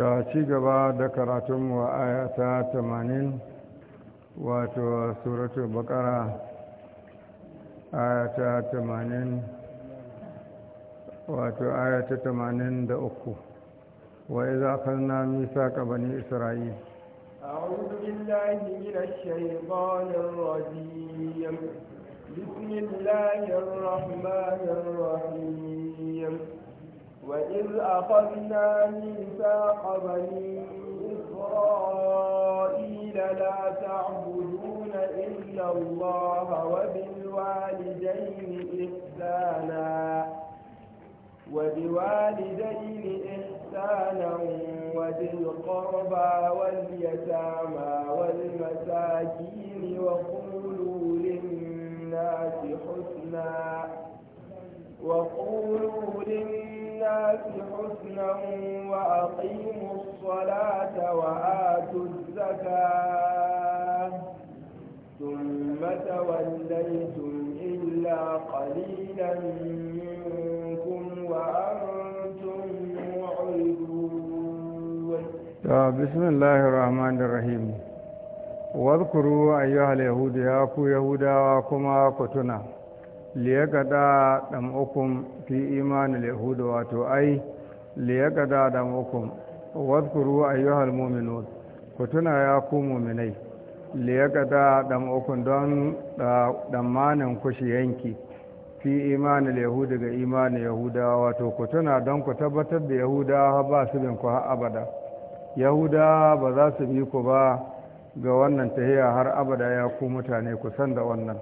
ta ci gaba da karatunmu a ayata tamanin wato suratul bakara ayata tamanin wato ayata tamanin da uku wa iza akhadna ka bani isra'il أعوذ بالله من الشيطان الرجيم بسم الله الرحمن وإذ أخذنا ميثاق بني إسرائيل لا تعبدون إلا الله وبالوالدين إحسانا وبوالدين إحسانا وذي القربى واليتامى والمساكين وقولوا للناس حسنا وقولوا للناس للناس حسنا وأقيموا الصلاة وآتوا الزكاة ثم توليتم إلا قليلا منكم وأنتم معرضون بسم الله الرحمن الرحيم واذكروا أيها اليهود يا يهودا وكما كتنا liyakada ɗam'ukun fi imanin yahuda wato ai liyakada ɗam'ukun wadkuru ayyuhal muminun ku tuna ya ku muminai liyakada ɗam'ukun don ɗammanin kushi yanki fi imanin yahuda ga imanin yahuda wato ku tuna don ku tabbatar da yahuda ba su bin ku har abada yahuda ba za su bi ku ba ga wannan tahiya har abada ya ku mutane ku san da wannan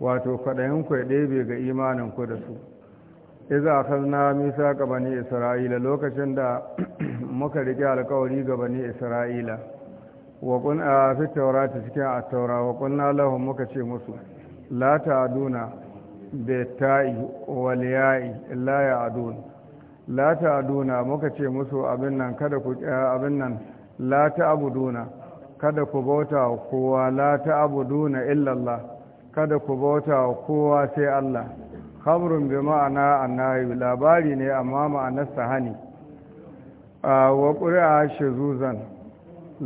wato kwaɗayinku ya ɗebe ga imaninku da su iza misa ga bani isra'ila lokacin da muka rike alƙawari ga bani isra'ila wa kunna fi tawrati cikin at-taura wa kunna lahum muka ce musu la aduna bi ta'i wa liya'i la ya'dun la ta'duna muka ce musu abin nan kada ku abin nan la ta'buduna kada ku bauta kowa la ta'buduna illa Allah kada ku bauta wa kowa sai Allah khabrun bi ma'ana annahi labari ne amma ma'anarsa hani wa qur'a shuzuzan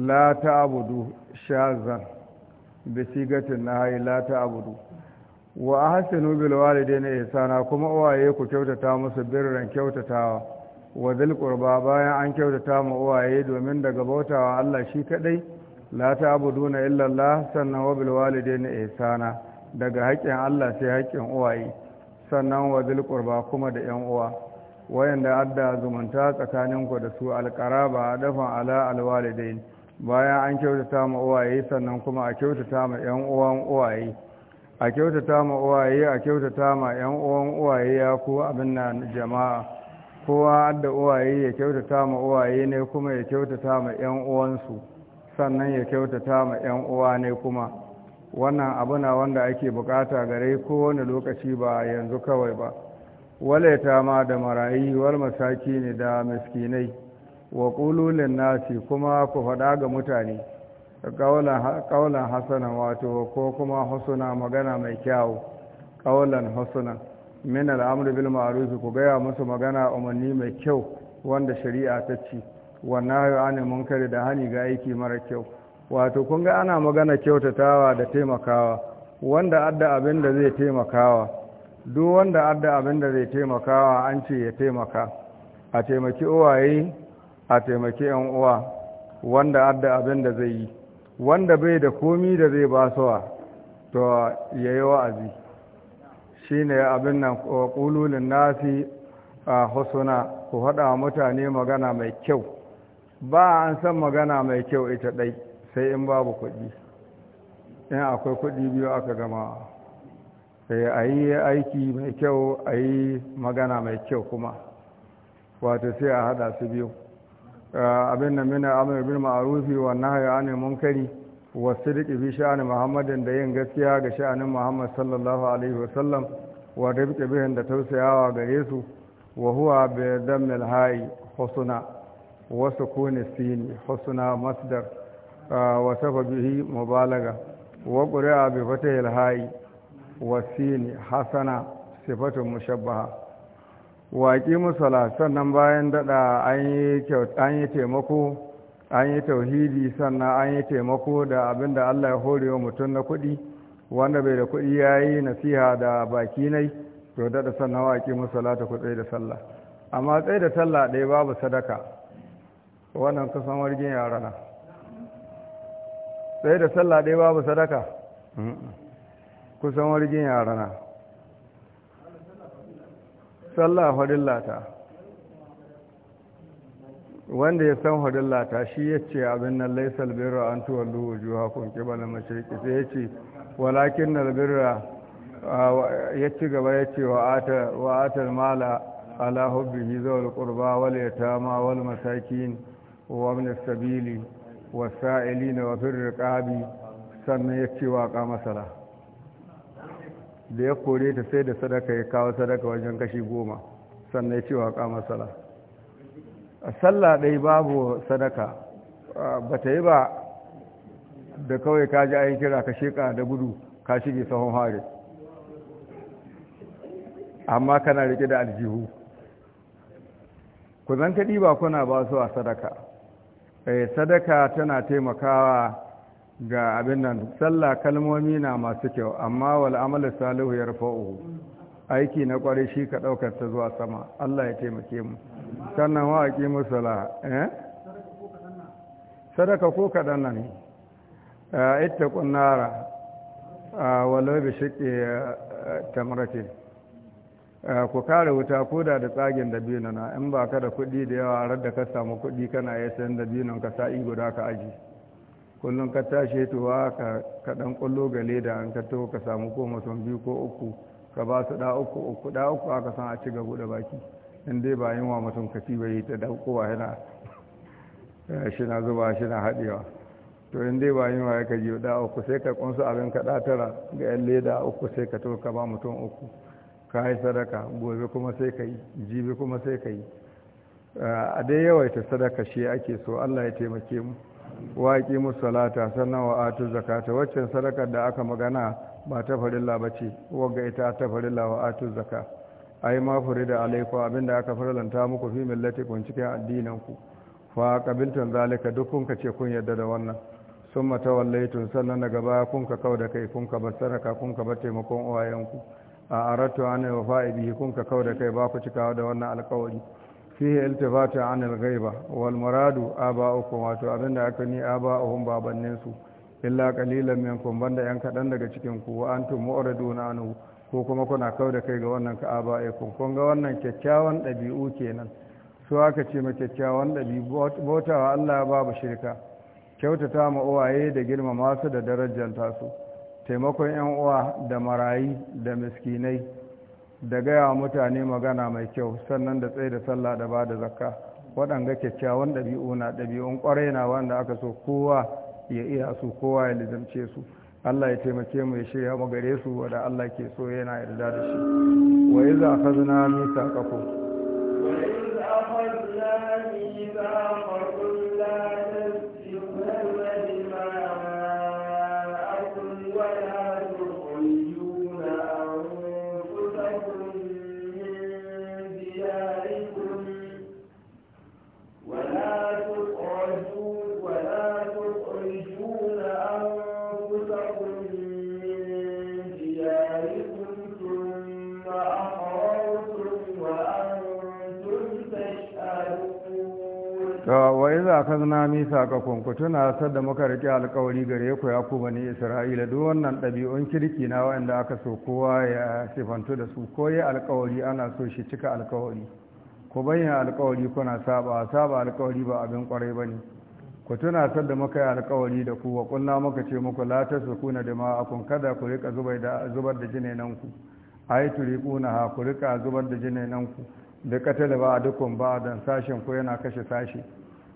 la ta'budu shazan bi sigatin nahi la ta'budu wa ahsanu bil walidaini ihsana kuma uwaye ku kyautata musu birran kyautatawa wa dhil qurba bayan an kyautata mu uwaye domin daga bautawa Allah shi kadai la ta'buduna illa Allah sannan wa bil walidaini ihsana daga haƙƙin Allah sai haƙƙin uwaye sannan wa qurba kuma da ƴan uwa wayanda adda zumunta tsakanin ku da su alqaraba dafan ala alwalidain bayan an kyautata ma uwaye sannan kuma a kyautata ma ƴan uwan uwaye a kyautata ma uwaye a kyautata ma ƴan uwan uwaye ya ku abinna jama'a kowa adda uwaye ya kyautata ma uwaye ne kuma ya kyautata ma ƴan uwansu sannan ya kyautata ma ƴan uwa ne kuma wannan abu na wanda ake bukata gare kowane lokaci ba yanzu kawai ba Wale ta ma da marayi wal masaki ne da miskinai wa kululin nasi kuma ku faɗa ga mutane ƙaunar hasana wato ko kuma husuna magana mai kyawu ƙaunar husuna min al'amur bil ma'arufi ku gaya musu magana umarni mai kyau wanda shari'a ta ci wannan yau munkari da hani ga aiki mara kyau wato kun ga ana magana kyautatawa da taimakawa wanda adda abin da zai taimakawa duk wanda adda abin da zai taimakawa an ce ya taimaka a taimaki uwaye a taimaki yan uwa wanda adda abin da zai yi wanda bai da komi da zai ba wa to ya yi wa'azi shi ne abin nan ƙululin nasi a husuna ku haɗa mutane magana mai kyau ba an san magana mai kyau ita ɗai sai in babu kuɗi in akwai kuɗi biyu aka gama a yi aiki mai kyau a yi magana mai kyau kuma wato sai a hada su biyu ah, abin da mina amir bin ma'arufi wa nahyi anil munkari wasu sidqi bi sha'ani muhammadin da yin gaskiya ga sha'anin muhammad sallallahu alaihi wa da wa bihin da tausayawa gare su wa huwa bi dammil hayi wasu wa sukuni hosuna masu masdar wasafa bihi mubalaga wa quri'a bi fatahil hayi wa sin hasana sifatun mushabbaha wa aqimu salat sannan bayan dada an yi taimako an yi tauhidi sannan an yi taimako da abinda Allah ya hore wa mutum na kuɗi wanda bai da kuɗi ya yi nasiha da baki nai to dada sannan wa aqimu salata ku tsaye da sallah amma tsaye da sallah ɗaya babu sadaka wannan kusan wargin yara na sai da sallah ɗaya babu sadaka kusan wargin yarana sallah lata. wanda ya san lata shi ya ce abin nan laisal birra an tuwallu wujuha kun Bala, Mace, sai ya ce walakin na birra ya ci gaba ya ce wa atar mala ala hubbihi zawal qurba wal ma wal masakin wa wani sabili wasa'ili na wafin riƙabi sannan ya ce waƙa masara da ya kore ta sai da sadaka ya kawo sadaka wajen kashi goma sannan ya ce waƙa masara a sallah ɗai babu sadaka ba ta yi ba da kawai ka ji ayin kira ka sheƙa da gudu ka shige sahun hari amma kana riƙe da aljihu ku zan kaɗi ba kuna ba su a sadaka Eh, sadaka tana taimakawa ga abin nan sallah kalmomi na masu kyau amma wal amalu salihu yarfa'u aiki na kwarai shi ka daukar ta zuwa sama Allah ya taimake mu sannan wa aqimu musala eh sadaka ko kadan nan eh, ittaqun nara eh, walau bi shiqqi tamratin Eh, ku kare wuta ko da da tsagen dabino na in ba ka da kuɗi da yawa a radda ka samu kuɗi kana ya sayan dabinon ka sa'i guda ka aji kullum ka tashi tuwa ka kaɗan ƙullo ga leda an ka to ka samu ko mutum biyu ko uku ka ba su ɗa uku uku ɗa uku aka san a ci ga buɗe baki in dai ba yin wa mutum ci bai ta wa yana eh, shi na zuba shi na haɗewa to in dai ba yin wa ya ka ji ɗa uku sai ka ƙunsa abin ka ɗa tara ga 'yan leda uku sai ka to ka ba mutum uku ka yi sadaka gobe kuma sai ka yi jibi kuma sai ka yi a dai yawaita sadaka shi ake so allah ya taimake mu waƙi musalata sannan wa atu zakata waccan sadakar da aka magana ba ta farilla ba ce wagga ita ta farilla wa atu zaka yi mafuri da alaiku abinda aka farlanta muku fi kun cikin addinin ku fa qabiltum zalika duk kun ce kun yadda da wannan summa tawallaitun sannan daga baya kun ka da kai kun ka bar sadaka kun ka bar taimakon uwayenku a aratu an a bihi kun ka da kai ba ku cikawa da wannan alƙawari fihi iltifatu an al wal muradu uku, wato abinda aka ni a ba babannin babanninsu. illa qalilan kun banda yan kaɗan daga cikin ku wa antum mu'riduna anu ko kuma kuna da kai ga wannan ka aba'ukum kun ga wannan kyakkyawan ɗabi'u kenan Su aka ce ma kyakkyawan ɗabi'u? bautawa Allah babu shirka kyautata ma uwaye da girmama su da darajanta su taimakon 'yan uwa da marayi da miskinai da gaya wa mutane magana mai kyau sannan da tsaye da sallah da ba da zakka waɗanga kyakkyawan ɗabi'u na ɗabi'un ƙwarai na wanda aka so kowa ya iya su kowa ya lizamce su Allah ya taimake mu ya shirya mu gare su wanda Allah ke so yana yarda da shi wa iza akhadna mithaqakum wa iza akhadna la akhadna sakakon ku tuna sadda muka rike alƙawari gare ku ya ku bani isra'ila duk wannan ɗabi'un kirki na wanda aka so kowa ya sifantu da su ko ya alƙawari ana so shi cika alƙawari ku bayyana alƙawari kuna saba saba alƙawari ba abin ƙwarai ne ku tuna sadda muka yi alƙawari da ku wa kunna muka ce muku su kuna ma a kun kada ku rika zubar da nan ku a yi turi kuna ha ku rika zubar da nan ku da katala ba dukkan ba dan sashen ku yana kashe sashe.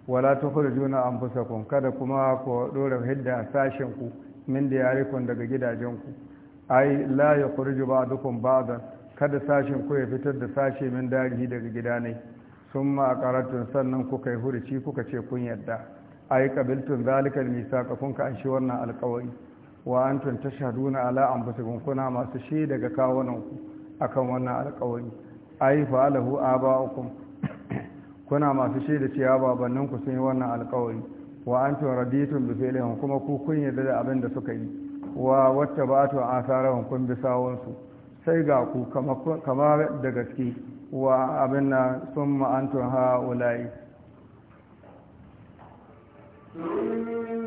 wala ta juna an anfusakum kada kuma ku dora hidda sashen ku min da kun daga gidajenku ai la ya yakhruju ba'dukum ba'dan kada sashen ku ya fitar da sashe min darihi daga gidanai summa karatun sannan kuka yi hurici kuka ce kun yadda ai qabiltun zalikal misaqa kun ka anshi wannan alkawari wa antum tashhaduna ala an anfusikum kuna masu shi daga kawunanku akan wannan alkawari ai fa'alahu aba'ukum kuna masu shaida cewa babannin ku sun yi wannan alkawari wa an antum raditun bi fi'lihim kuma ku kun yarda da abin da suka yi wa wacce ba wattaba'tu asarar kun bi sawunsu sai ga ku kamar da gaske wa abin na sun ma'antun tun ثم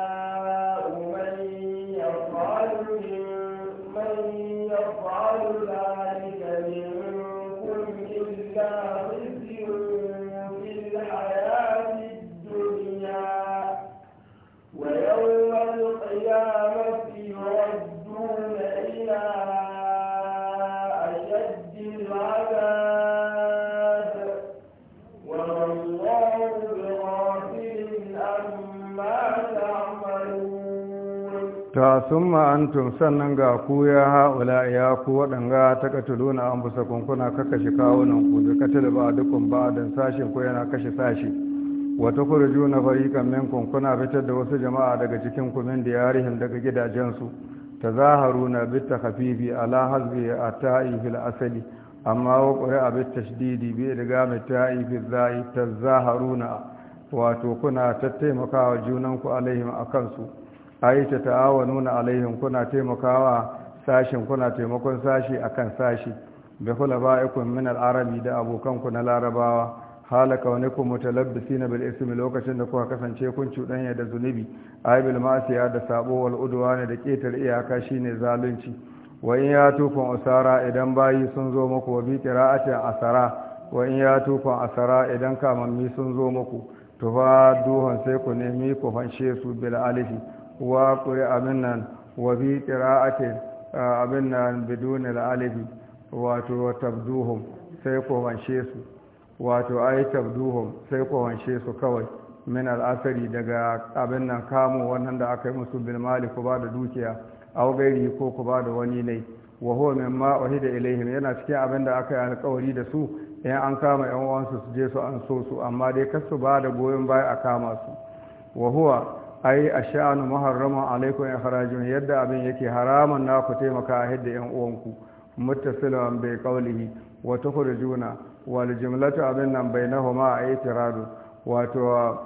sun ma'antum sannan ga ku ya ha'ula ya ku waɗanga ta katulu na an busa kunkuna kakashe kawunan ku da katil ba dukkan ba don sashen ku yana kashe sashi wata kurju na farikan men kunkuna fitar da wasu jama'a daga cikin kumin da yarihin daga gidajensu ta zaharu na bitta hafifi ala hazbi a taifi fil asali amma wa ƙuri a bitta shididi bi riga mai fil za'i ta zaharu na wato kuna taimakawa junanku alaihim a kansu yi ta ta'awanu na alaihim kuna taimakawa sashin kuna taimakon sashi akan sashi ba ikon min al'arabi arabi da abokanku na larabawa halaka wani ku mutalabbisina bil ismi lokacin da kuka kasance kun cuɗanya da zunubi ai bil da sabo wal ne da ketar iyaka shine zalunci wa in yatukun asara idan bayi sun zo muku wa bi qira'atin asara wa in yatukun asara idan kamammi sun zo muku to fa duhan sai ku nemi ku fanshe su bil alifi wa kuri abin nan wa bi qira'atin abin nan bidun al-alif wato tabduhum sai ko wanshe su wato ai tabduhum sai ko wanshe su kawai min al'asari daga abin nan kamo wannan da aka yi musu bil ku ba da dukiya aw gairi ko ku ba da wani ne wa huwa mimma wahida ilaihim yana cikin abin da aka yi alkawari da su in an kama yan uwansu su je su an so su amma dai kar su ba da goyon baya a kama su wa huwa ai a sha'anu muharraman alaikun ya harajin yadda abin yake haraman na ku taimaka a hidda yan uwanku muttasilan bai wata wa tukhrijuna wal jumlatu abin nan bainahuma a itiradu wato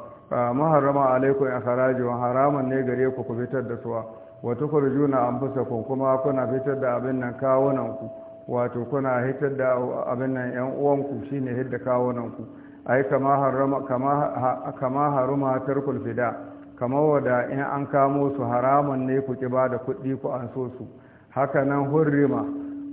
muharrama alaikun ya harajin haraman ne gare ku ku fitar da suwa wa tukhrijuna anfusakum kuma kuna fitar da abin nan kawunanku wato kuna hitar da abin nan yan uwanku shine hidda kawunanku ai kama harama kama kama haruma tarkul fida' kamar wada in an kamo su haramun ne ku ki ba da kuɗi ku an so su haka nan hurrima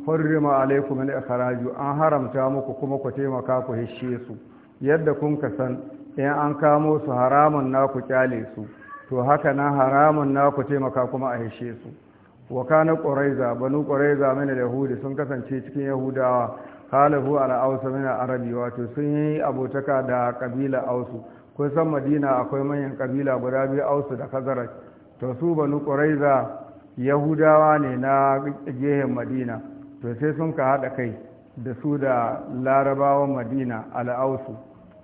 hurrima alaikum min ikhraju an haramta muku kuma ku taimaka ku hishe su yadda kun ka san in an kamo su haramun na ku kyale su to haka nan haramun na ku taimaka kuma a hishe su wa kana quraiza banu quraiza min yahudi sun kasance cikin yahudawa kalahu ala ausa min arabi wato sun yi abotaka da kabila ausu kun san madina akwai manyan kabila guda biyu ausu da kazarar to su banu ƙuraiza yahudawa ne na gehen madina to sai sun ka haɗa kai da su da larabawan madina al'ausu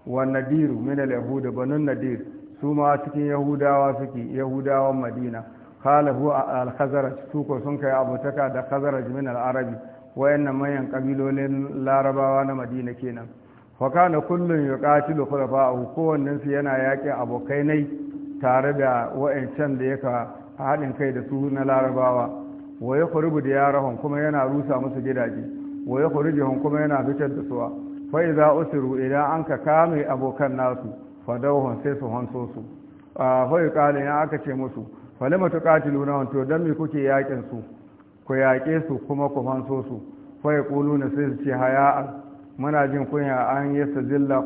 wa nadiru min al-yahud banun nadir su ma cikin yahudawa suke yahudawan madina khalafu al-khazraj su ko sun kai abutaka da khazraj min al-arabi wayannan manyan kabilolin larabawa na madina kenan fakana kullum ya katilu khulafa'ahu kowannen kowannensu yana yaƙin abokai nai tare da wa'ancan da yaka haɗin kai da su na larabawa wa ya khurubu da yarahun kuma yana rusa musu gidaje wa ya khurujuhum kuma yana fitar da suwa fa idza usiru idan an ka kame abokan nasu fadawhum sai su hanso su fa yuqalu ya aka ce musu falima tuqatiluna to dan me kuke yaƙin su ku yaƙe su kuma ku hanso su fa yaquluna sai su ce haya'a muna jin kunya an yi sajilla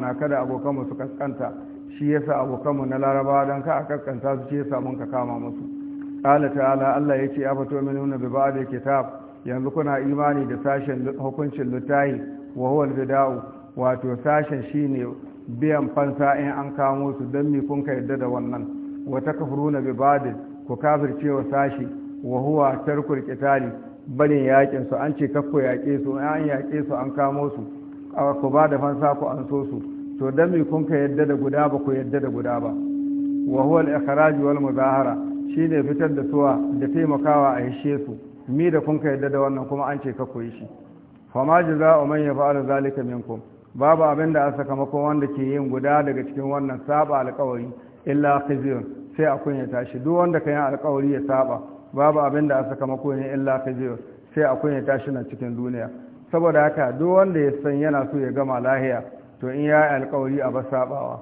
na kada abokanmu su kaskanta shi yasa abokanmu na laraba don ka a kaskanta su shi yasa mun ka kama musu kala ta'ala Allah ya ce fito min nuna bi ba'da kitab yanzu kuna imani da sashen hukuncin lutahi wa huwa wato sashen shine biyan fansa in an kamo su don mi kun ka yadda da wannan wa takfuruna bi ba'd ku kafirce wa sashi wa huwa tarkul kitali barin yakin su an ce kakko yaƙe su an yaƙe su an kamo su ku ba da fansa ku an so su to dan me kun ka yadda da guda ba ku yadda da guda ba wa huwa al-ikhraj wal muzahara shine fitar da suwa da taimakawa a hishe su mi da kun ka yadda da wannan kuma an ce kakko koyi shi fa ma jazaa'u man yaf'alu zalika minkum babu abin da a sakamako wanda ke yin guda daga cikin wannan saba alƙawari illa khizyun sai a kunyata tashi. duk wanda ka yi alƙawari ya saba babu abin da aka kama ne illa fajir sai akwai ne tashi na cikin duniya saboda haka duk wanda ya san yana so ya gama lahiya to in ya yi alkawari a ba sabawa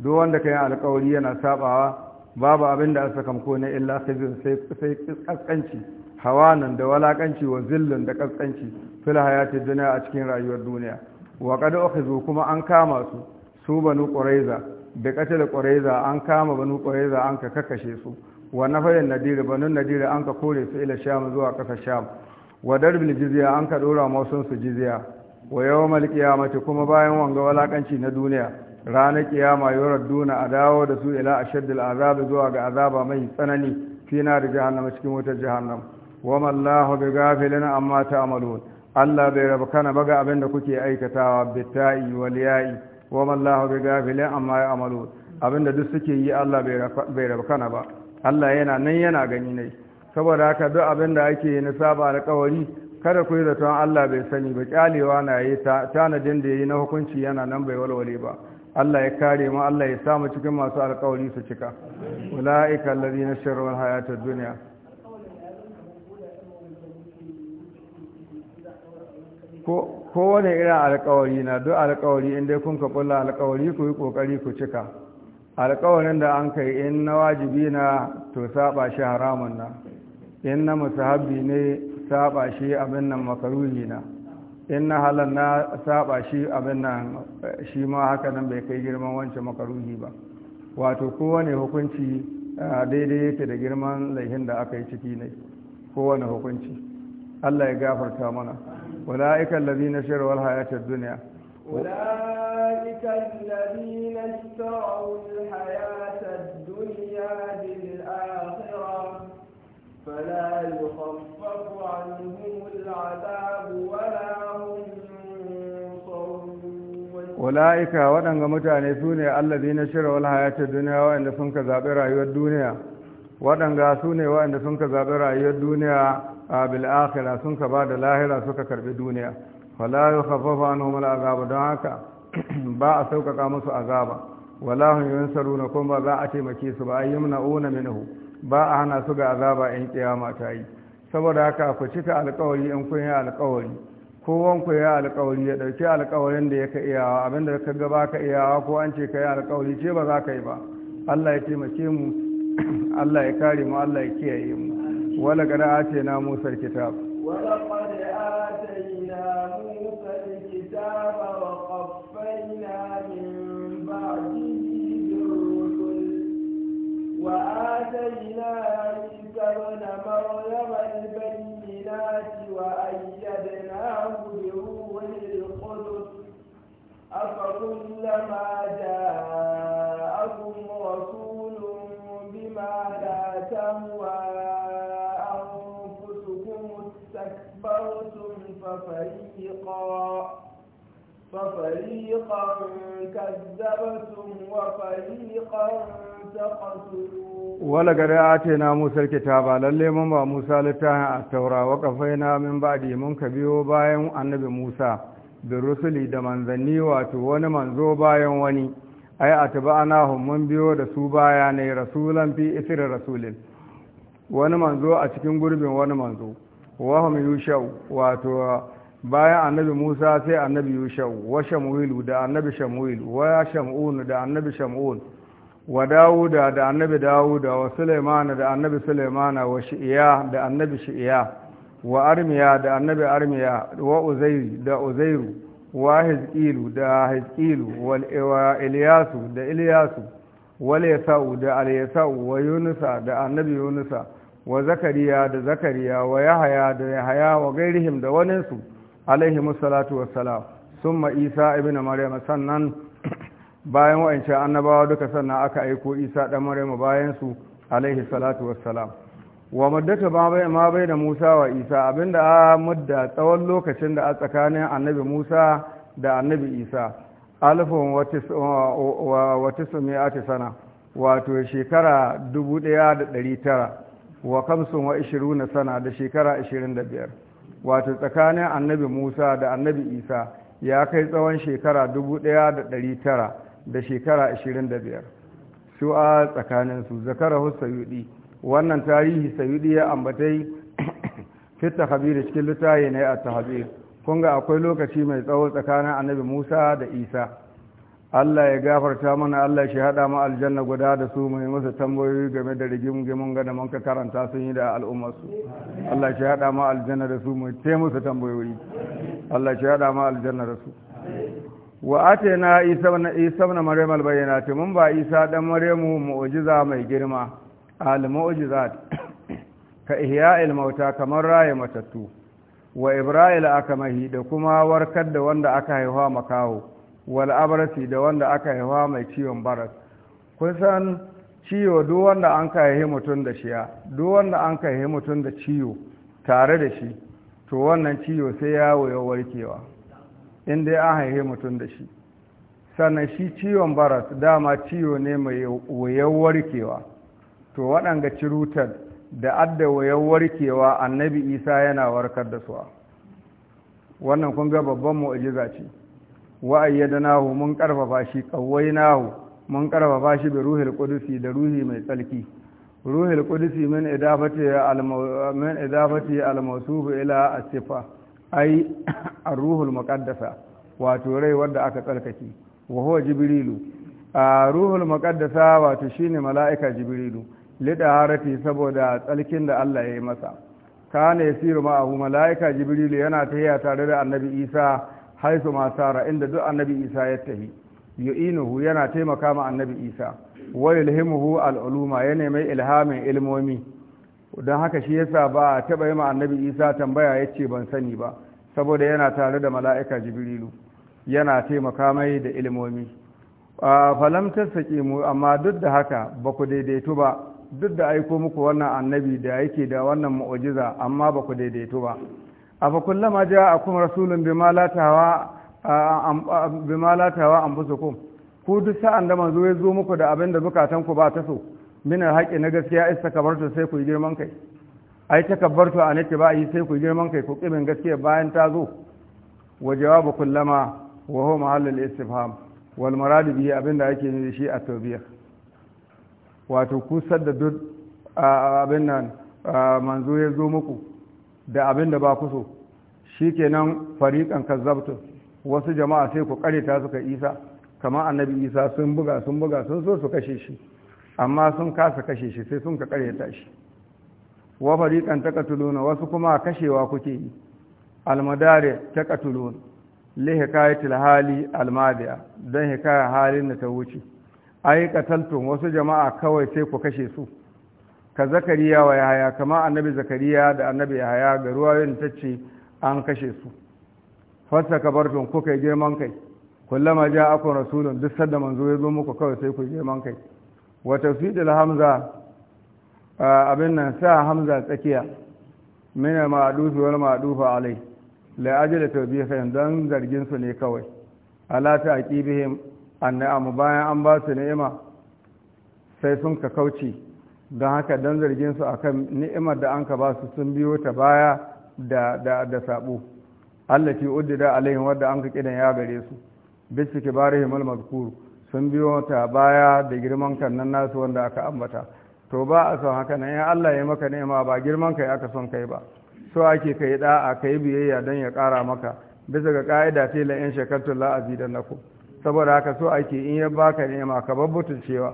duk wanda ka yi alkawari yana sabawa babu abin da aka kama ne illa fajir sai kaskanci hawanan da walakanci wa zillin da kaskanci fil hayati duniya a cikin rayuwar duniya wa qad ukhizu kuma an kama su su banu quraiza bi qatl quraiza an kama banu quraiza an ka kakkashe su wa nafarin nadiri banun nadiri an ka kore su ila sham zuwa ƙasar sham wa darbil jizya an ka ɗora masun su jizya wa yawmal qiyamati kuma bayan wanga walakanci na duniya ranar kiyama duna a dawo da su ila ashaddil azab zuwa ga azaba mai tsanani fina da jahannama cikin wutar jahannam wa mallahu bi ghafilin amma ta'malun Allah bai raba kana baga abin da kuke aikatawa bitta'i wal ya'i wa mallahu bi ghafilin amma ya'malun abin da duk suke yi Allah bai raba kana ba Allah yana nan yana gani ne saboda haka duk abin da ake na saba alƙawari kada ku yi zaton Allah bai sani ba kyalewa na yi tanadin da yayi na hukunci yana nan bai walwale ba Allah ya kare mu Allah ya samu cikin masu alƙawari su cika ulaika allazina sharru hayatud dunya ko kowane irin alƙawari na duk alƙawari inda kun ka kulla alƙawari ku yi ƙoƙari ku cika alkawarin da an kai in na wajibi na to saba shi haramun na in na musahabi ne saba shi abin nan makaruhi na in na halar na saba shi abin nan shi ma haka nan bai kai girman wancan makaruhi ba wato kowane hukunci daidai yake da girman laihin da aka yi ciki ne kowane hukunci allah ya gafarta mana wala'ikan labi na shirwar hayatar duniya أولئك الذين اشتروا الحياة الدنيا بالآخرة فلا يخفف عنهم العذاب ولا هم ula'ika waɗanga mutane su ne allazi na shirin walhayatar duniya waɗanda sun ka zaɓi rayuwar duniya waɗanga su ne waɗanda sun ka zaɓi rayuwar duniya a bil'akhira sun ka ba da lahira suka karɓi duniya fala yukhaffafu anhum azaba don haka ba a saukaka musu azaba wala hum na kuma ba za a taimake su ba yi ayyumna'una minhu ba a hana su ga azaba in kiyama ta yi saboda haka ku cika alƙawari in kun yi alƙawari kowan ku ya alƙawari ya ɗauki alƙawarin da yaka iyawa abinda ka ga baka iyawa ko an ce ka yi alƙawari ce ba za ka yi ba Allah ya taimake mu Allah ya kare mu Allah ya kiyaye mu wala ce na musal kitab ولقد آتينا موسى الكتاب وقفينا من بعده بالرسل وآتينا عيسى ابن مريم البينات وأيدناه بروح القدس أفكلما جاء ففريقا ففريقا كذبتم وفريقا تقتلون ولقد آتينا موسى الكتاب للي من با موسى لتاه التوراة وقفينا من بعده من كبيو باين النبي موسى بالرسل da manzanni wato wani manzo bayan wani ai ana mun biyo da su baya ne rasulan fi isri rasulin wani manzo a cikin gurbin wani manzo wahum yushau wato bayan annabi musa sai annabi yushau wa shamuilu da annabi shamuil wa shamun da annabi shamun wa dawuda da annabi dawuda wa sulaimana da annabi sulaimana wa shi'iya da annabi shi'iya wa armiya da annabi armiya wa uzairu da uzairu wa hizqilu da hizqilu wa ilyasu da ilyasu wa da aliyasu wa yunusa da annabi yunusa wa zakariya da zakariya wa yahaya da yahaya wa gairihim da waninsu alaihi musallatu wassalam summa isa ibn maryam sannan bayan wa'ancan annabawa duka sannan aka aiko isa dan maryam bayan su alaihi salatu wassalam wa muddatu ma bai da musa wa isa abinda a mudda tsawon lokacin da a tsakanin annabi musa da annabi isa alfin wata sumi'ati sana wato shekara 1900 wa kamsun wa ishiruna sana da shekara ashirin da biyar wato tsakanin annabi musa da annabi isa ya kai tsawon shekara dubu ɗaya da ɗari tara da shekara ashirin da biyar su tsakaninsu zakarahu sayudi wannan tarihi sayudi ya ambatai fitta habiri cikin littafi ne a tahabir kun ga akwai lokaci mai tsawo tsakanin annabi musa da isa Allah ya gafarta mana Allah shi hada mu aljanna guda da su mai masa tambayoyi game da rigimgimin ga da manka karanta sun yi da al'ummarsu Allah shi hada mu aljanna da su mai te musu tambayoyi Allah shi hada mu aljanna da su wa Atena isa ibn isa ibn maryam al mun ba isa dan maryamu mu'jiza mai girma al mu'jizat ka ihya'il mauta kamar raye matattu wa ibra'il akamahi da kuma warkar da wanda aka haihuwa makaho wal da wanda aka haifa mai ciwon baras kun san ciwo duk wanda an ka yi mutum da shiya duk wanda an ka yi mutum da ciwo tare da shi to wannan ciwo sai ya ya warkewa in dai an haihi mutum da shi sannan shi ciwon baras dama ciwo ne mai wayar warkewa to waɗanga cirutar da adda wayar warkewa annabi isa yana warkar da su wannan kun ga babban mu'ajiza ce wa mun karfafa shi qawainahu mun karfafa shi da ruhul qudusi da ruhi mai tsalki ruhul qudusi min idafati al min idafati al mawsuf ila a sifa ai ar-ruhul muqaddasa wato rai wanda aka tsarkake wa huwa jibrilu a ruhul muqaddasa wato shine mala'ika jibrilu lidaharati saboda tsalkin da Allah ya yi masa kana yasiru ma'ahu mala'ika jibrilu yana tahiya tare da annabi Isa haisu masara inda duk annabi isa ya tafi. yu'inuhu yana taimaka ma annabi isa wa yulhimuhu al'uluma ya mai ilhamin ilmomi don haka shi yasa ba a taɓa yi ma annabi isa tambaya ya ce ban sani ba saboda yana tare da mala'ika jibrilu yana taimaka mai da ilmomi falamtar saƙi mu amma duk da haka ba ku daidaito ba duk da aiko muku wannan annabi da yake da wannan mu'ujiza amma ba ku daidaito ba afa kullama akum rasulun bima la tawa bima la tawa anfusukum ku duk sa'an da manzo ya zo muku da abin da ku ba ta so min haƙi na gaskiya istakabartu sai ku girman kai ai takabbartu ba yi sai ku girman kai ku kibin gaskiya bayan ta zo wa jawabu kullama wa huwa mahallul istifham wal marad bihi abinda da ake nufi shi a tawbiya wato ku sadda duk abin nan manzo ya zo muku da abin da ba ku so nan fariƙan kazzabtu wasu jama'a sai ku kareta suka isa kamar annabi isa sun buga sun buga sun so su kashe shi amma sun kasa kashe shi sai sun ka kareta shi wa fariƙan takatuluna wasu kuma kashewa kuke yi almadare taqatuluna li hikayatil hali almadiya dan hikaya halin da ta wuce ai qataltum wasu jama'a kawai sai ku kashe su ka zakariya wa yahaya kama annabi zakariya da annabi yahaya ga ruwayoyin ta ce an kashe su fasa tun kuka girman kai kullama ja akwai rasulun duk sadda manzo ya zo muku kawai sai ku girman kai wa tafsidil hamza abin nan sa hamza tsakiya min al ma'duf wal ma'duf alai la ajla tawbihin dan zargin su ne kawai ala ta aqibihim an'am bayan an ba su ni'ima sai sun ka kauce don haka don zargin su akan ni'imar da an ka ba su sun biyo ta baya da da Allah sabo allati uddida alaihim wadda an ka kidan ya gare su bisu kibarihim al-mazkur sun biyo ta baya da girman kan nan nasu wanda aka ambata to ba a son haka nan in Allah ya maka ni'ima ba girman kai aka son kai ba so ake kai a kai biyayya don ya kara maka bisa ga ka'ida ce la in shakartu la azidannakum saboda haka so ake in ya baka ni'ima ka babbutun cewa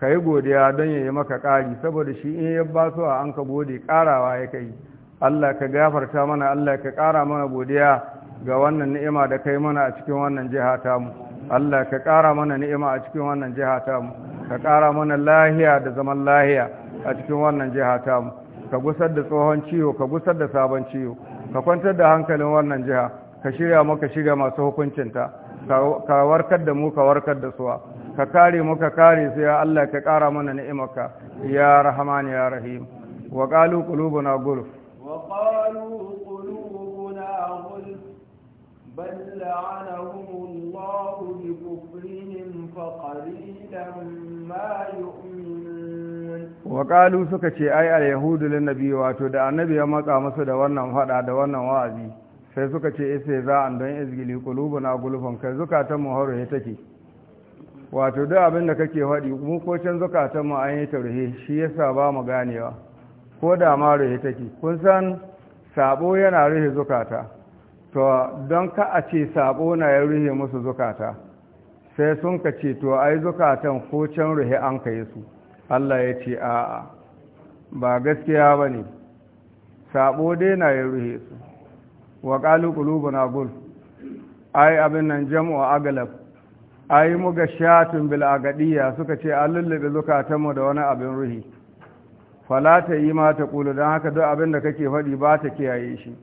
ka yi godiya don ya yi maka ƙari saboda shi in ya ba su an ka gode ƙarawa ya kai Allah ka gafarta mana Allah ka ƙara mana godiya ga wannan ni'ima da kai mana a cikin wannan jiha tamu Allah ka ƙara mana ni'ima a cikin wannan jiha tamu ka ƙara mana lahiya da zaman lahiya a cikin wannan jiha tamu ka gusar da tsohon ciwo ka gusar da sabon ciwo ka kwantar da hankalin wannan jiha ka shirya maka shirya masu hukuncinta ka warkar da mu ka warkar da suwa ka kare mu ka kare su ya Allah ka kara mana ni'imaka ya rahman ya rahim wa qalu qulubuna gulf wa qalu qulubuna gulf bal la'anahum Allah bi kufrihim fa qalilan ma yu'minun wa qalu suka ce ai al yahudu lin nabi wato da annabi ya matsa musu da wannan fada da wannan wa'azi sai suka ce ise za an don izgili qulubuna gulfan kai zukatan mu ya take wato duk abin da kake faɗi mu ko can zukatan mu an yi tarihi shi yasa ba mu ganewa ko da ma ruhe take kun san sabo yana ruhe zukata to don ka a ce sabo na ya ruhe musu zukata sai sun ka ce to ai zukatan ko can ruhe an kai su Allah ya ce a'a ba gaskiya ba ne sabo dai na ya ruhe su wa qalu na gul ai abin nan jam'u agalab ai muga shatun bil agadiya suka ce an lullube zukatanmu da wani abin ruhi fala ta yi ma ta kulu don haka duk abin da kake faɗi ba ta kiyaye shi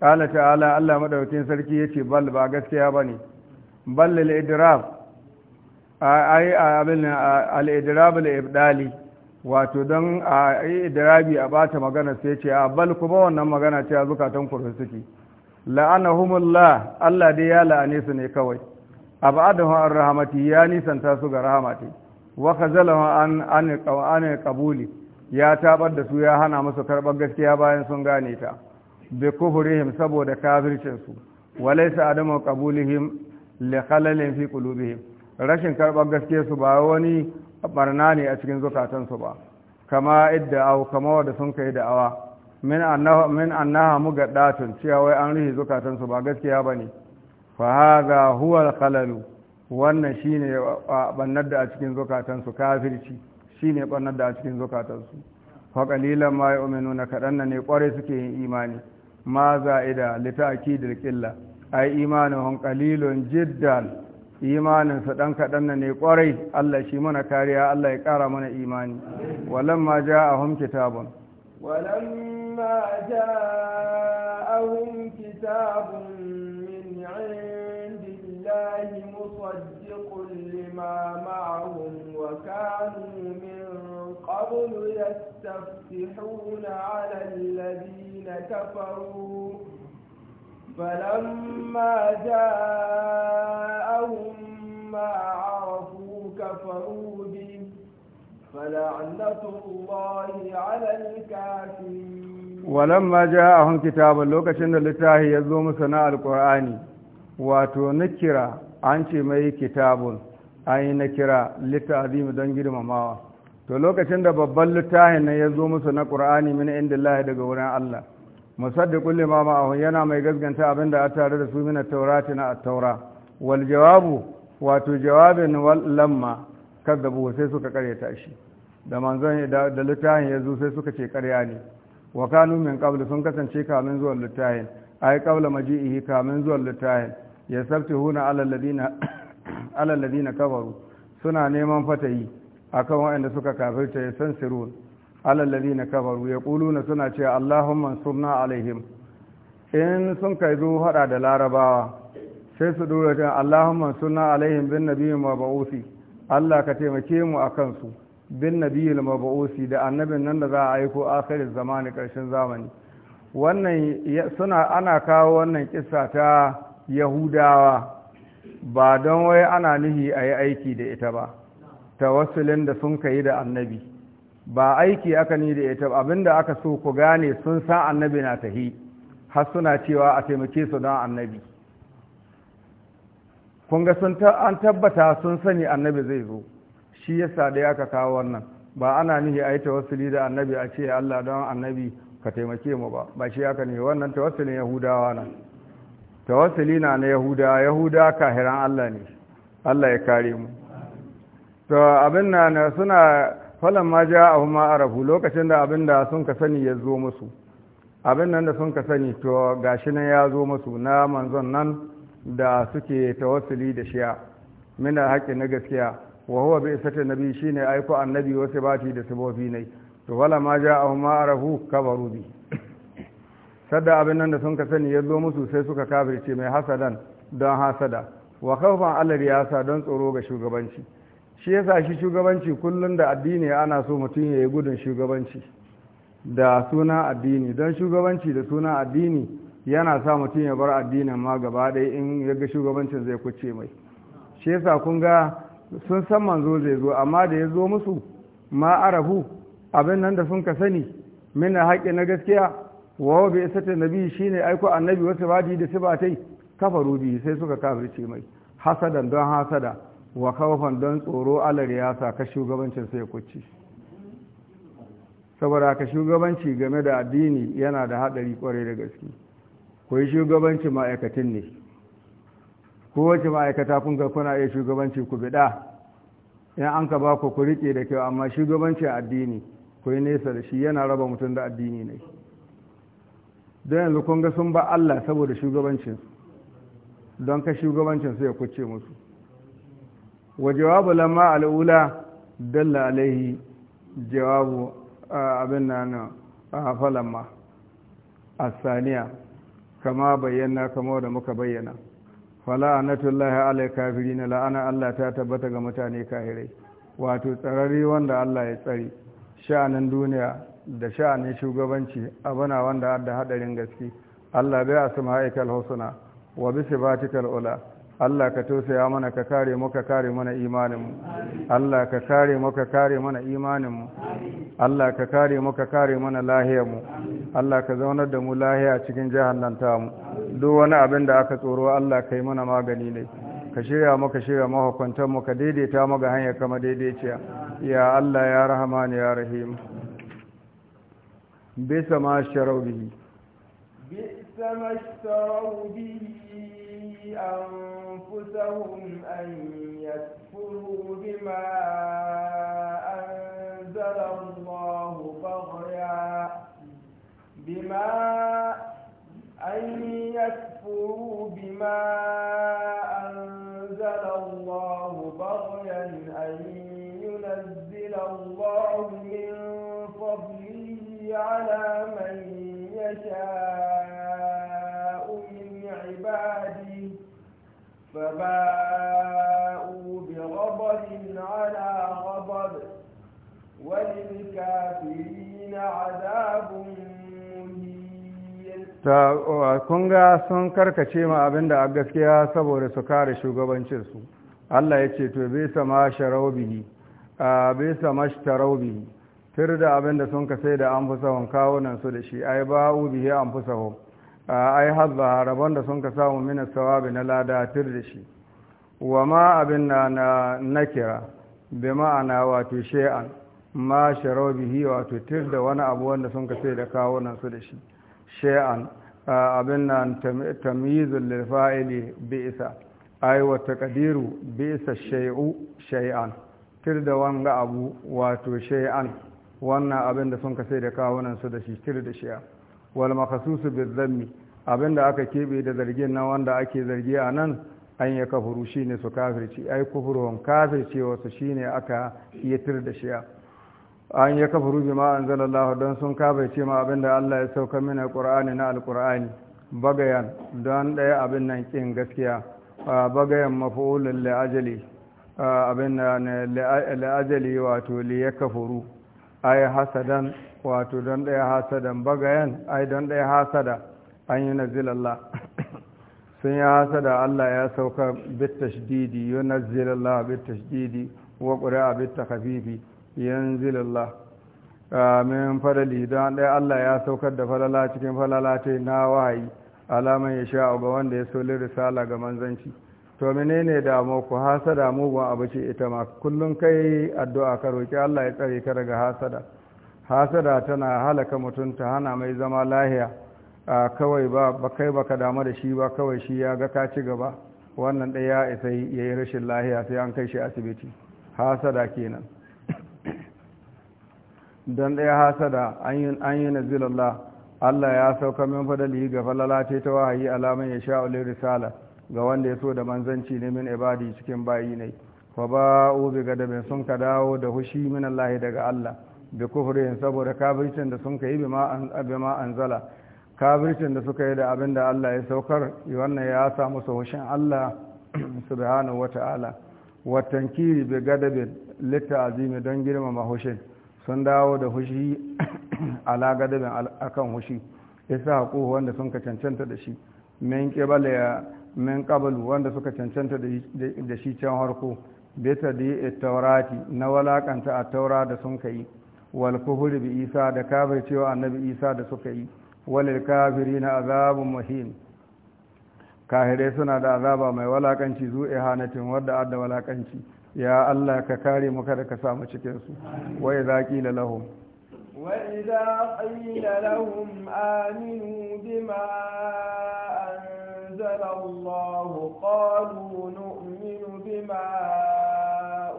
ƙala ta'ala Allah maɗaukin sarki yace bal ba gaskiya bane bal lil idrab ai abin al idrab al wato don a idrabi a bata magana sai ce a bal kuma wannan magana ce a zukatan kurfi suke la'anahumullah Allah dai ya la'ane su ne kawai abadahu an rahamati ya nisanta su ga rahamati wa kazalahu an an qabuli ya tabar da su ya hana musu karɓar gaskiya bayan sun gane ta bi kufurihim saboda kafircin su walaysa adamu qabulihim li khalalin fi qulubihim rashin karɓar gaskiya su ba wani barna ne a cikin zukatansu ba kama idda au kama wanda sun kai da'awa min annaha min annaha mugaddatun cewa wai an rihi zukatansu ba gaskiya bane fa huwal khalalu wannan shine bannar da a cikin zukatansu kafirci shine bannar da a cikin zukatansu fa qalilan ma yu'minuna kadan ne kware suke yin imani ma za'ida li ta'kidil qilla ai hun qalilun jiddan imanin su dan kadan ne kwarai Allah shi mana kariya Allah ya kara mana imani walamma ja'ahum kitabun walamma ja'ahum kitabun من عند الله مصدق لما معهم وكانوا من قبل يستفتحون على الذين كفروا فلما جاءهم ما عرفوا كفروا به فلعنة الله على الكافرين ولما جاءهم كتاب لوكشن لتاهي يزوم سنة القرآن wato na kira an ce mai kitabun an yi na kira azimu don girmamawa to lokacin da babban littafin nan ya zo musu na ƙur'ani mini inda lahi daga wurin Allah musaddiqul limama ma'ahu yana mai gaskanta abin da a tare da su mina at-taurati na taura wal jawabu wato jawabin lamma kazzabu sai suka karyata shi da manzon da littafin ya zo sai suka ce karya ne wa kanu min qabl sun kasance kamin zuwan littafin ai qabla maji'ihi kamin zuwan littafin Ya sabta huna ala na kafaru suna neman fatayi kan waɗanda suka kafirta yasansirun na alladhina Ya ƙuluna suna cewa Allahumma suna alaihim in sun kai zo haɗa da larabawa sai su ɗora ta Allahumma suna alaihim bin ma ba'usi." Allah ka taimake mu a kansu bin ma ba'usi. da annabin nan da za a aiko akhirin zamani ƙarshen zamani wannan suna ana kawo wannan kisa ta yahudawa ba don wai ana nihi a yi aiki da ita ba tawassulin da sun ka yi da annabi ba aiki aka ni da ita abinda aka so ku gane sun san annabi na tahi har suna cewa a taimake su don annabi Kunga ga sun an tabbata sun sani annabi zai zo shi yasa dai aka kawo wannan ba ana nihi a yi tawassuli da annabi a ce Allah don annabi ka taimake mu ba ba shi aka ne wannan tawassulin yahudawa nan tawassuli na na yahuda yahuda kahiran Allah ne Allah ya kare mu to abin na suna falan ma ja a huma arabu lokacin da abin da sun ka sani ya zo musu abin nan da sun ka sani to gashi nan ya zo musu na manzon nan da suke tawassuli da shiya mina haƙƙi na gaskiya wa huwa bi isati nabi shine aiko annabi wasu bati da sabobi ne to wala ma ja a huma arabu kabaru bi sadda abin nan da sun ka sani ya zo musu sai suka kabirce mai hasadan don hasada wa kawfan allah yasa don tsoro ga shugabanci shi yasa shi shugabanci kullum da addini ana so mutum ya yi gudun shugabanci da suna addini don shugabanci da suna addini yana sa mutum ya bar addinin ma gaba ɗaya in ya ga shugabancin zai kuce mai shi yasa kun ga sun san manzo zai zo amma da ya zo musu ma arabu abin nan da sun ka sani mina haƙƙi na gaskiya wa wa bai isata nabi ne aiko annabi wasu baji da su ba yi kafaru biyu sai suka kafirce mai hasadan don hasada wa kawafan don tsoro alar ya sa ka shugabancin sai kuci saboda ka shugabanci game da addini yana da haɗari kwarai da gaske ku yi shugabanci ma'aikatin ne kowace ma'aikata kun ga kuna iya shugabanci ku bida in an ka ba ku ku rike da kyau amma shugabanci addini ku yi nesa da shi yana raba mutum da addini ne don yanzu kun ga sun ba Allah saboda shugabancinsu don ka shugabancinsu ya kuce musu wa jawabu lamma al'ula dalla alaihi jawabu abin nan falamma saniya kama bayyana kama da muka bayyana fala'anatullahi ala na la'ana Allah ta tabbata ga mutane kahirai wato tsararri wanda Allah ya tsari sha'anin duniya da sha'anin shugabanci abana wanda da hadarin gaske Allah bai asma'ikal husna wa bi sifatikal ula Allah ka tausaya mana ka kare mu ka kare mana imaninmu Allah ka kare mu ka kare mana imaninmu Allah ka kare mu ka kare mana lahiyarmu Allah ka zaunar da mu lahiya cikin jahannan mu. duk wani abin da aka tsoro Allah ka mana magani ne ka shirya mu ka shirya mahukuntan mu ka daidaita mu ga hanyar kama daidaiciya ya Allah ya rahama ya rahim bisa ma sharau bihi bisa ma sharau bihi anfusahum an yakfuru bima anzala Allah baghya bima an yakfuru bima anzala Allah baghyan an ينزل الله من فضله على من يشاء من عبادي فباءوا بغضب على غضب وللكافرين عذاب ta kun ga sun karkace ma abin da a gaskiya saboda su kare shugabancinsu Allah ya ce to bai sama sharau bihi bai sama shtarau bihi tare da abin da sun ka sai da an fusahun kawunan su da shi ai ba ubihi an fusahun ai hazza rabon da sun ka samu mina sawabi na lada tare da shi wa ma abin na na nakira bi ma'ana wato shay'an ma sharo bihi wato tir da wani abu wanda sun ka sai da kawunan su da shi shay'an abin nan tamyizul lil fa'ili bi isa ai wa taqdiru bi isa shay'u shay'an tir da wanga abu wato shay'an wannan abin da sun kasai da kawunansu da shi tir da shiya wal makasusu bi dhammi abin da aka kebe da zargin na wanda ake zargi a nan an ya kafuru ne su kafirci ai kufurun kafircewa su ne aka yi tir da shiya an ya kafuru bi ma anzalallahu don sun kafirce ma abin da Allah ya sauka mina qur'ani na alqur'ani bagayan don ɗaya abin nan kin gaskiya bagayan mafi'ulun la'ajali abin na la'ajali wato li kafuru ai hasadan wato don ɗaya hasadan bagayen ai don ɗaya hasada an yi nazilallah sun yi hasada Allah ya sauka didi. yi nazilallah bitashdidi wa ƙuri'a bitakhafifi yanzilallah min farali don ɗaya Allah ya saukar da falala cikin ce na wahayi alaman ya sha'u ga wanda ya so lisala ga manzanci to menene damu ku hasada mugun abu ce ita ma kullum kai addu'a ka roki Allah ya tsare ka daga hasada hasada tana halaka mutum ta hana mai zama lahiya a kawai ba kai baka damu da shi ba kawai shi ya ga ka ci gaba wannan ɗaya ya isa ya yi rashin lahiya sai an kai shi asibiti hasada kenan don ɗaya hasada an yi nazilallah Allah ya sauka min fadali ga falalace ta wahayi alaman ya sha ulil risala ga wanda ya so da manzanci ne min ibadi cikin bayi ne fa u bi gadabin sun ka dawo da hushi min Allah daga Allah bi kufrin saboda kafircin da sun kai bima anzala kafircin da suka yi da abin da Allah ya saukar wannan ya sa musu hushin Allah subhanahu wata'ala tankiri bi gadabin litta'azimi don girmama hushin sun dawo da hushi ala gadabin akan hushi yasa ku wanda sun ka cancanta da shi min ya min ƙabalu, wanda suka cancanta da shi can harko beta da taurati na walakanta a taura da sun ka wal kuhuri bi isa da kafir cewa annabi isa da suka yi walil kafiri na azabun muhim kahirai suna da azaba mai walakanci zu ihanatin wadda adda walakanci ya allah ka kare mu kada ka samu cikinsu wai za ƙila lahum وإذا قيل لهم Aminu bima. قالوا نؤمن بما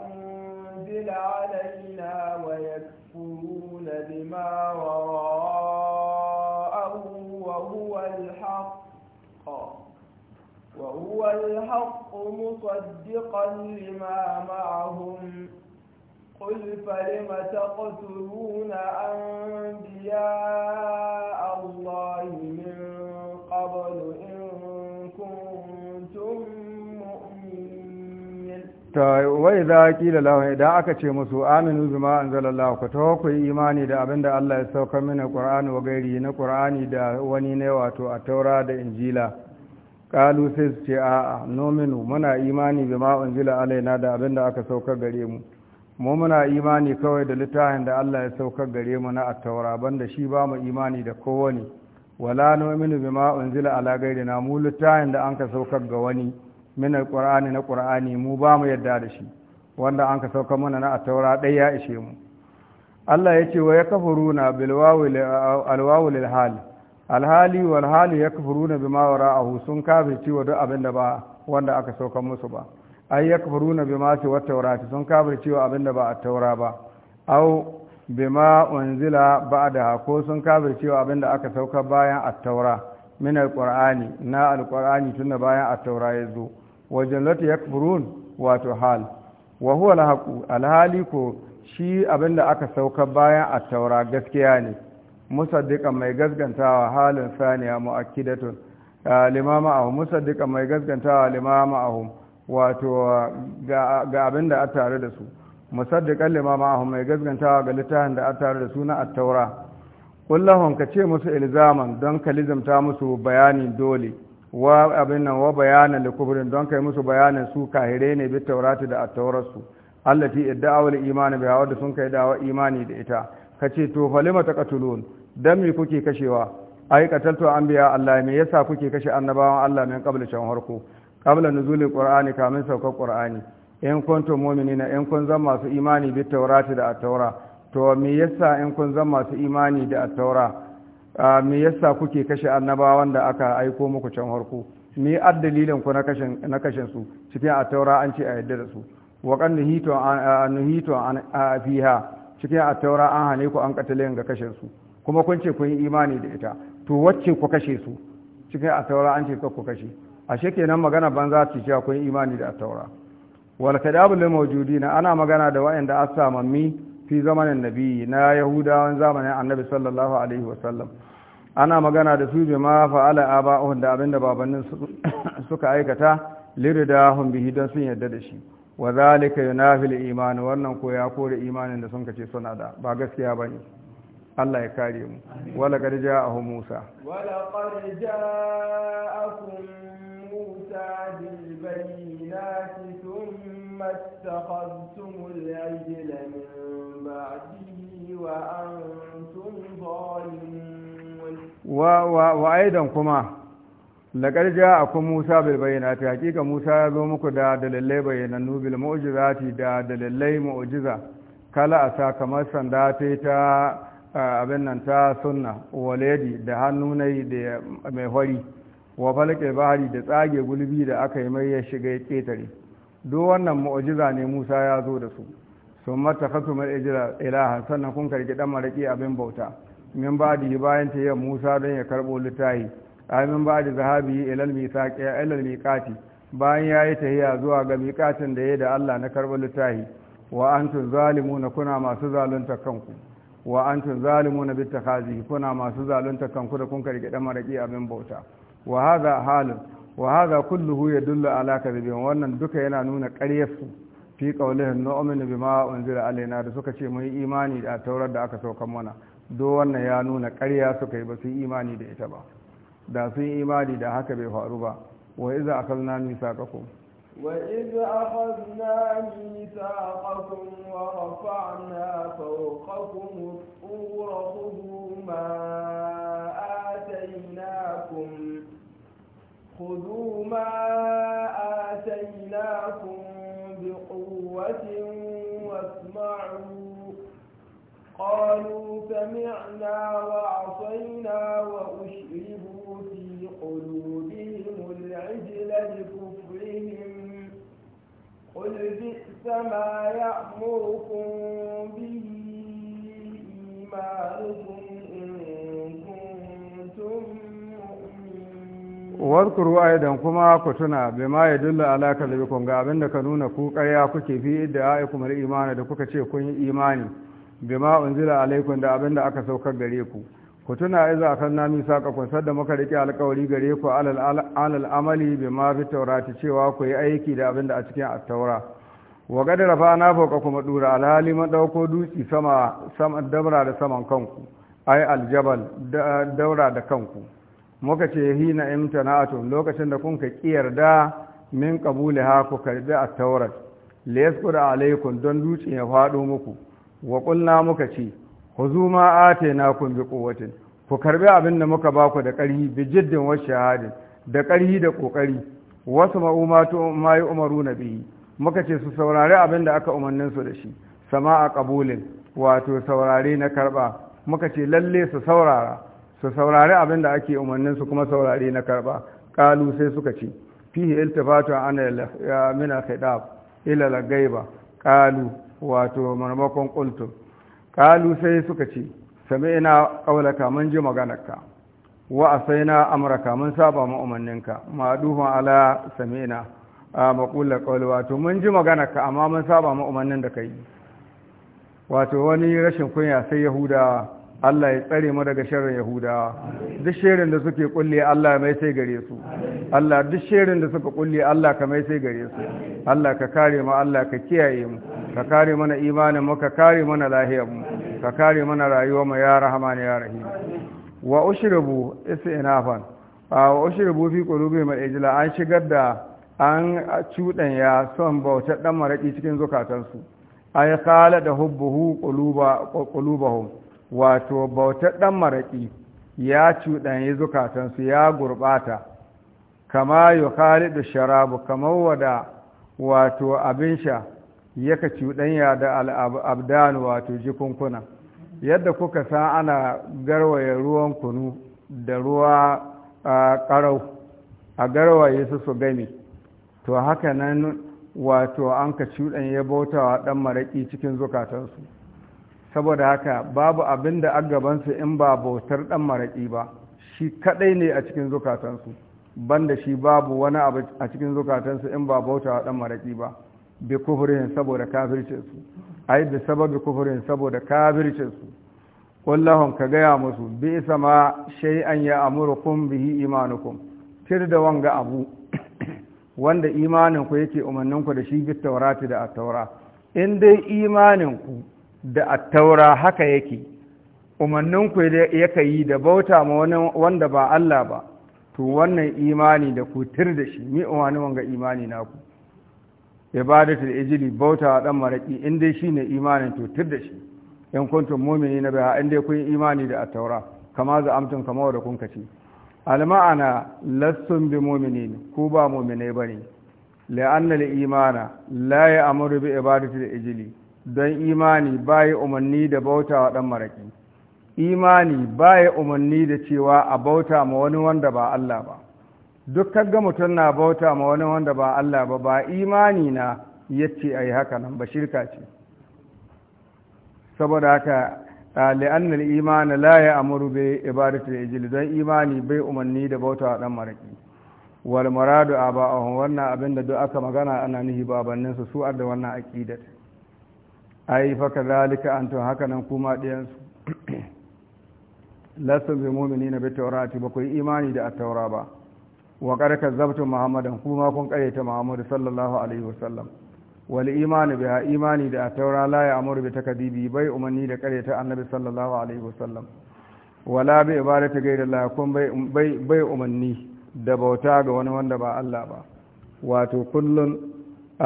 أنزل علينا ويكفرون بما وراءه وهو الحق وهو الحق مصدقا لما معهم قل فلم تقتلون أنبياء الله من ta wai za kila lahu idan aka ce musu aminu bima anzalallahu ku tawo ku imani da abinda Allah ya sauka mini qur'ani wa gairi na qur'ani da wani ne wato a taura da injila kalu sai su ce a'a nominu muna imani bima zila alaina da abinda aka sauka gare mu mu muna imani kawai da littafin da Allah ya sauka gare mu na at-taura banda shi ba mu imani da kowane wala nominu bima zila ala na mu littafin da an ka saukar ga wani min alqur'ani na qur'ani mu ba mu yadda da shi wanda an ka sauka mana na ataura dai ya ishe mu Allah ya ce wa yakfuruna bil wawi alwawu lil hal alhali wal hal yakfuruna bima wara'ahu sun kafirci wa duk abin da ba wanda aka sauka musu ba ay yakfuruna bima su wa taurati sun kafirci wa abin da ba a taura ba au bima unzila da ko sun kafirci wa abin da aka sauka bayan at-taura min qur'ani na alqur'ani da bayan at-taura ya zo wa jannatu yakfurun wato hal wa huwa alhaqu alhali ko shi abinda aka sauka bayan at-taura gaskiya ne musaddiqan mai gasgantawa halin saniya muakkidatun ah, limama ahu musaddiqan mai gasgantawa limama ahu wato ga abinda a tare da su musaddiqan limama ahu mai gasgantawa ga littafin da a tare da su na at-taura kullahun ka ce musu ilzaman don kalizamta musu bayanin dole wa abin nan wa bayanan da kubrin don kai musu bayanan su kahire ne bi taurati da attaurarsu allati idda'awul imani bi hawa sun kai dawa imani da ita kace to falima taqatulun dan me kuke kashewa ai qataltu anbiya Allah me yasa kuke kashe annabawan Allah min qabla shan harko qabla nuzulil qur'ani kamin saukar qur'ani in kuntum mu'minina in kun zama masu imani bi taurati da attaura to me yasa in kun zama masu imani da attaura me yasa kuke kashe annabawan da aka aiko muku can harko me ad dalilin ku na kashin su cikin a taura an ce a yadda da su wa Nu'hito a an fiha cikin a taura an hane ku an katalin ga kashin su kuma kun ce kun yi imani da ita to wacce ku kashe su cikin a taura an ce ku kashe ashe kenan magana banza ce cewa kun yi imani da a taura wal kadabul mawjudina ana magana da wa'anda asamammi fi zamanin nabi na yahudawan zamanin annabi sallallahu alaihi wasallam ana magana da su bi ma fa'ala aba'uhum da abinda babannin suka aikata liridahum bihi don sun yarda da shi wa zalika al iman wannan ko ya kore imanin da sun kace suna da ba gaskiya bane Allah ya kare mu wala qad ja'ahu Musa wala qad ja'akum Musa bil bayyinati thumma ثم اتخذتم العجل من بعده وأنتم ظالمون وأيضا كما لقد جاءكم موسى بالبينات حقيقة موسى يزومك دا دلالي بينانو بالمعجزات دا دلالي معجزة كلا a sakamar sanda ta abin nan ta sunna waledi da hannunai da mai hori wa falke bahari da tsage gulbi da aka yi mai ya shiga ya ketare duk wannan mu'ujiza ne musa ya zo da su sun mata kasumar ilaha sannan kun karki dan maraƙi abin bauta min ba da bayan ta yi musa don ya karɓo littahi amin ba da zahabi ilal miƙati bayan ya yi tahiya zuwa ga miƙatin da ya da allah na karɓo littahi wa antum na kuna masu zalunta kanku wa na kuna masu zalunta kanku da kun karki dan maraƙi abin bauta wa hadha halin? wa hadha kulluhu yadullu ala kadhibin wannan duka yana nuna ƙaryarsu fi qawlihin nu'minu bima unzila alaina da suka ce mun imani da taurar da aka saukan mana do wannan ya nuna ƙarya suka yi ba su imani da ita ba da sun imani da haka bai faru ba wa iza akalna misaqakum وإذ أخذنا ميثاقكم ورفعنا فوقكم الطور خذوا ma ataynakum خذوا ما آتيناكم بقوة واسمعوا قالوا سمعنا وعصينا وأشربوا في قلوبهم العجل بكفرهم قل بئس ما يأمركم به إيمانكم warkuru aidan kuma ku tuna bai ma ya dulla alaka da bikon ga abinda ka nuna ku ƙarya kuke fi idda ya kuma imani da kuka ce kun yi imani bai ma unzila alaikun da abin da aka saukar gare ku ku tuna iza a kan nami kun sadda muka riƙe alƙawari gare ku alal amali bai ma fi cewa ku yi aiki da abinda a cikin attaura wa gadara fa na kuma dura alhali ma ɗauko dutsi sama dabra da saman kanku ai aljabal daura da kanku muka ce hina imtana'atum lokacin da kun ka kiyarda min ha ku karbi a taurat liyasqur alaikun don dutse ya faɗo muku wa muka ce huzuma kun bi quwwatin ku karɓi abin da muka baku da ƙarhi bi jiddin wasu shahadin da ƙarhi da ƙoƙari wasu ma'umatu ma yi umaru na bihi muka ce su saurari abin da aka umarnin su da shi sama a ƙabulin wato saurari na karɓa muka ce lalle su saurara su saurari abin da ake umarnin su kuma saurari na karba kalu sai suka ce fihi iltifatu an min al-khidab ila al-ghaiba kalu wato marmakon qultum kalu sai suka ce sami'na qawlaka mun ji maganarka wa asaina amraka mun saba mu umarninka ma duhun ala sami'na maqulla qawli wato mun ji maganarka amma mun saba mu umarnin da kai wato wani rashin kunya sai yahudawa Allah ya tsare mu daga sharrin Yahudawa duk sharrin da suke kulle Allah mai sai gare su Allah duk sharrin da suka kulle Allah ka mai sai gare su Allah ka kare mu Allah ka kiyaye mu ka kare mana imanin mu ka kare mana lahiyar mu ka kare mana rayuwar mu ya rahman ya rahim wa ushribu isinafan wa ushribu fi qulubi mal ijla an shigar da an ya son bautar dan maraki cikin zukatansu ay qala da hubbuhu quluba qulubahum wato bautar ɗan maraƙi ya cuɗanyi zukatansu ya gurɓata kama yi da sharabu kamar wada wato abin sha yaka cuɗanya da al'abdan wato jikunkuna yadda kuka san ana garwaye ruwan kunu da ruwa ƙarau a garwaye su su gami to haka nan wato an ka cuɗanya bautawa ɗan maraƙi cikin zukatansu saboda haka babu abin da an gabansu in ba bautar ɗan maraƙi ba shi kaɗai ne a cikin zukatansu banda shi babu wani abu a cikin zukatansu in ba bautawa ɗan maraƙi ba bi kufurin saboda kafircinsu ai bi sababi kufurin saboda kafircinsu kullahun ka gaya musu bi isa ma an ya amurukum bihi imanukum tir da wanga abu wanda imaninku yake umarninku da shi bi taurati da at in dai imanin ku da attaura haka yake umanninku yaka yi da bauta ma wani wanda ba Allah ba to wannan imani da ku tir da shi mi wani wanga imani naku ibadatul ijli bauta dan maraki in dai shine imanin to tir da shi in kuntum na ba in dai kun imani da attaura kama za amtun kama da kun kace alma'ana lastum bi mu'minin ku ba mu'minai bane la'anna al-imana la ya'muru bi ibadatil ijli don imani baya umarni da bauta wa ɗan maraƙi imani baya umarni da cewa a bauta ma wani wanda ba Allah ba duk ga mutum na bauta ma wani wanda ba Allah ba ba imani na yace ayi haka nan ba shirka ce saboda haka li'annal iman la ya'muru bi ibadati al-ijli don imani bai umarni da bauta wa ɗan maraƙi. wal maradu aba'ahum wannan abinda duk aka magana ana nihi babanninsu su su da wannan aqidat ai faka zalika haka hakanan kuma ɗiyansu lasu bi mu'minina bi tawrati ba ku yi imani da at-taura ba wa qad kazzabtum muhammadan kuma kun ƙaryata muhammad sallallahu alaihi wasallam wal imani biha imani da at-taura la amuru bi takadibi bai umanni da ƙaryata annabi sallallahu alaihi wasallam wala bi ibadati ghayri allah kun bai bai umanni da bauta ga wani wanda ba Allah ba wato kullun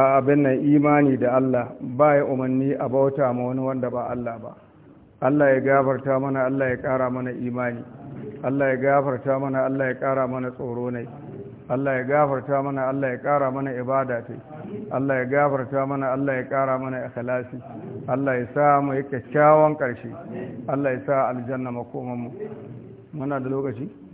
a abin nan imani da Allah ba ya umarni a bauta ma wani wanda ba Allah ba Allah ya gafarta mana Allah ya ƙara mana imani Allah ya gafarta mana Allah ya ƙara mana tsoro ne Allah ya gafarta mana Allah ya ƙara mana ibada ta Allah ya gafarta mana Allah ya ƙara mana ikhlasi Allah ya sa mu yi kyakkyawan ƙarshe Allah ya sa aljanna makomanmu muna da lokaci